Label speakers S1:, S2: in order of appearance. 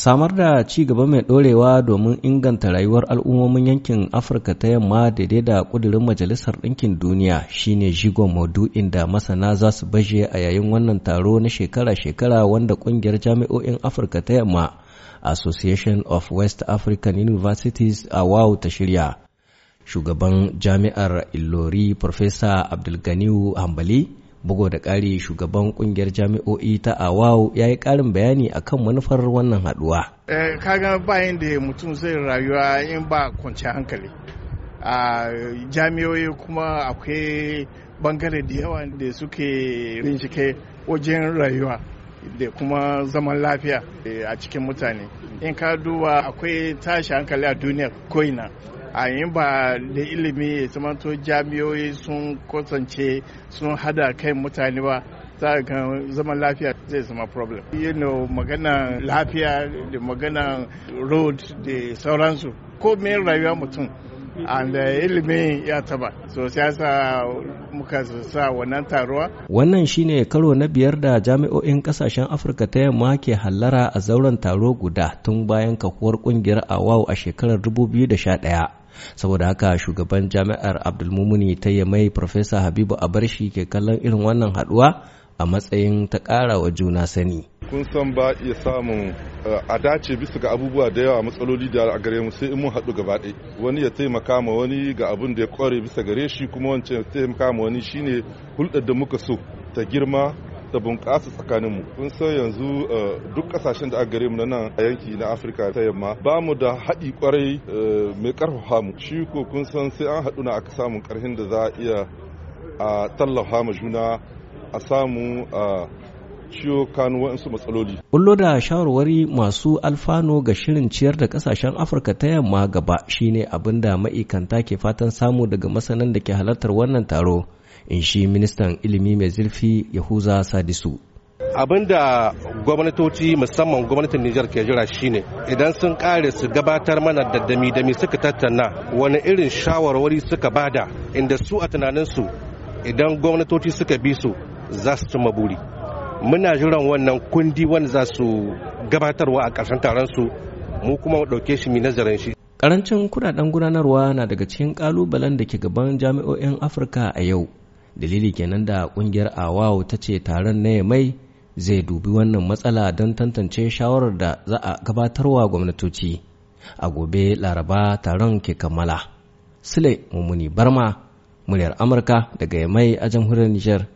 S1: samar da ci gaba mai ɗorewa domin inganta rayuwar al'ummomin yankin afirka ta yamma daidai da ƙudurin majalisar ɗinkin duniya shine jigon maudu'in da masana za su baje a yayin wannan taro na shekara-shekara wanda ƙungiyar jami'o'in afirka ta yamma association of west african universities a wow ta shirya shugaban jami'ar ilori professor abdulganiu hambali bugu da ƙari shugaban kungiyar jami'o'i ta Awawo, ya yi ƙarin bayani kan manufar wannan haɗuwa
S2: eh, kaga bayan da mutum zai rayuwa in ba kwanci hankali a jami'o'i kuma akwai bangare da yawa da suke bincike wajen rayuwa da kuma zaman lafiya eh, a cikin mutane in ka duba akwai tashi hankali a duniya koina a yin ba da ilimi ya zamanto jami'oyi sun kasance sun hada kai mutane ba za ga zaman lafiya zai zama problem you know magana lafiya da magana road da sauransu ko mai rayuwa mutum and uh, ilimi ya taba so siyasa muka sa wannan taruwa
S1: wannan shine karo na biyar da jami'o'in kasashen afirka ta yamma ke hallara a zauren taro guda tun bayan kakuwar kungiyar awau a shekarar 2011 saboda haka shugaban jami'ar abdulmumuni ta mai profesa habibu abarshi ke kallon irin wannan haduwa a matsayin ta kara wa juna sani
S3: kun san ba iya samun eh, a dace bisa ga abubuwa da yawa matsaloli da a gare mu sai in mun haɗu gaba ɗaya wani ya taimaka ma wani ga abin da ya kware bisa gare shi kuma wancan ya taimaka ma wani shine hulɗar da muka so ta girma da bunƙasa tsakaninmu kun san yanzu eh, duk kasashen da aka gare mu na nan a yanki na afirka ta yamma ba mu da haɗi kwarai eh, mai ƙarfafa mu shi ko kun san sai an haɗu na aka samun ƙarfin da za a iya a tallafa ma juna a samu a eh, ciwo waɗansu matsaloli.
S1: Bullo da shawarwari masu alfano ga shirin ciyar da kasashen Afirka ta yamma gaba shine abin da ma'ikanta ke fatan samu daga masanan da ke halartar wannan taro. In shi ministan ilimi mai zurfi Yahuza Sadisu.
S4: Abin da gwamnatoci musamman gwamnatin Nijar ke jira shine idan sun kare su gabatar mana da dami-dami suka tattauna wani irin shawarwari suka bada inda su a tunaninsu idan gwamnatoci suka bi su za su ci buri. muna jiran wannan kundi wanda za su gabatarwa a ƙarshen taron su mu kuma mu ɗauke shi mu nazarin shi
S1: karancin kudaden gudanarwa na daga cikin kalubalen da ke gaban jami'o'in afirka a yau dalili kenan da kungiyar awao ta ce taron na mai zai dubi wannan matsala don tantance shawarar da za a gabatarwa gwamnatoci a gobe laraba taron ke kammala sule mummuni barma muryar amurka daga mai a jamhuriyar niger